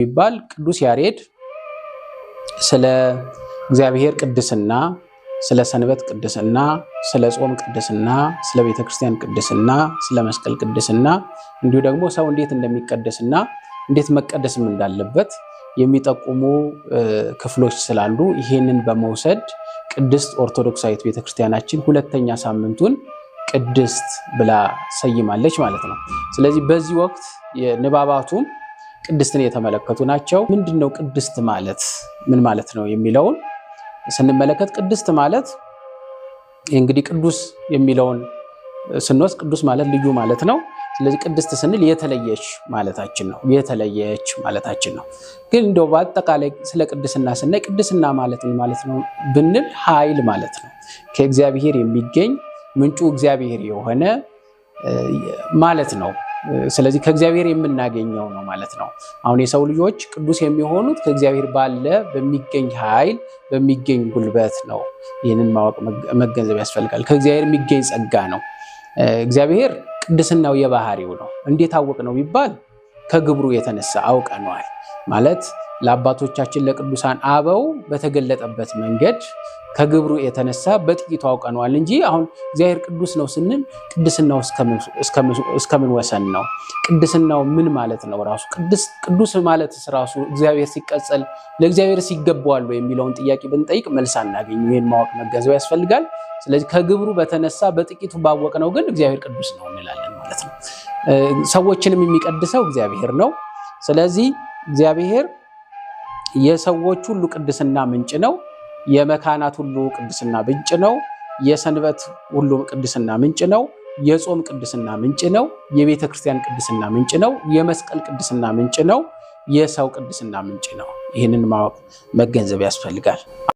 የሚባል ቅዱስ ያሬድ ስለ እግዚአብሔር ቅድስና፣ ስለ ሰንበት ቅድስና፣ ስለ ጾም ቅድስና፣ ስለ ቤተ ክርስቲያን ቅድስና፣ ስለ መስቀል ቅድስና እንዲሁ ደግሞ ሰው እንዴት እንደሚቀደስና እንዴት መቀደስም እንዳለበት የሚጠቁሙ ክፍሎች ስላሉ ይሄንን በመውሰድ ቅድስት ኦርቶዶክሳዊት ቤተክርስቲያናችን ሁለተኛ ሳምንቱን ቅድስት ብላ ሰይማለች ማለት ነው። ስለዚህ በዚህ ወቅት ንባባቱም ቅድስትን የተመለከቱ ናቸው። ምንድን ነው ቅድስት ማለት ምን ማለት ነው የሚለውን ስንመለከት ቅድስት ማለት እንግዲህ ቅዱስ የሚለውን ስንወስድ ቅዱስ ማለት ልዩ ማለት ነው። ስለዚህ ቅድስት ስንል የተለየች ማለታችን ነው። የተለየች ማለታችን ነው። ግን እንደው በአጠቃላይ ስለ ቅድስና ስናይ ቅድስና ማለት ምን ማለት ነው ብንል ኃይል ማለት ነው። ከእግዚአብሔር የሚገኝ ምንጩ እግዚአብሔር የሆነ ማለት ነው። ስለዚህ ከእግዚአብሔር የምናገኘው ነው ማለት ነው። አሁን የሰው ልጆች ቅዱስ የሚሆኑት ከእግዚአብሔር ባለ በሚገኝ ኃይል በሚገኝ ጉልበት ነው። ይህንን ማወቅ መገንዘብ ያስፈልጋል። ከእግዚአብሔር የሚገኝ ጸጋ ነው። እግዚአብሔር ቅድስናው የባህሪው ነው። እንዴት አወቅ ነው ቢባል ከግብሩ የተነሳ አውቀነዋል ማለት ለአባቶቻችን ለቅዱሳን አበው በተገለጠበት መንገድ ከግብሩ የተነሳ በጥቂቱ አውቀነዋል እንጂ አሁን እግዚአብሔር ቅዱስ ነው ስንል ቅድስናው እስከምን ወሰን ነው? ቅድስናው ምን ማለት ነው? ራሱ ቅዱስ ማለት ራሱ እግዚአብሔር ሲቀጸል ለእግዚአብሔር ሲገባዋል የሚለውን ጥያቄ ብንጠይቅ መልስ አናገኝ። ይህን ማወቅ መገንዘብ ያስፈልጋል። ስለዚህ ከግብሩ በተነሳ በጥቂቱ ባወቅ ነው ግን እግዚአብሔር ቅዱስ ነው እንላለን ማለት ነው። ሰዎችንም የሚቀድሰው እግዚአብሔር ነው። ስለዚህ እግዚአብሔር የሰዎች ሁሉ ቅድስና ምንጭ ነው። የመካናት ሁሉ ቅድስና ምንጭ ነው። የሰንበት ሁሉ ቅድስና ምንጭ ነው። የጾም ቅድስና ምንጭ ነው። የቤተ ክርስቲያን ቅድስና ምንጭ ነው። የመስቀል ቅድስና ምንጭ ነው። የሰው ቅድስና ምንጭ ነው። ይህንን ማወቅ መገንዘብ ያስፈልጋል።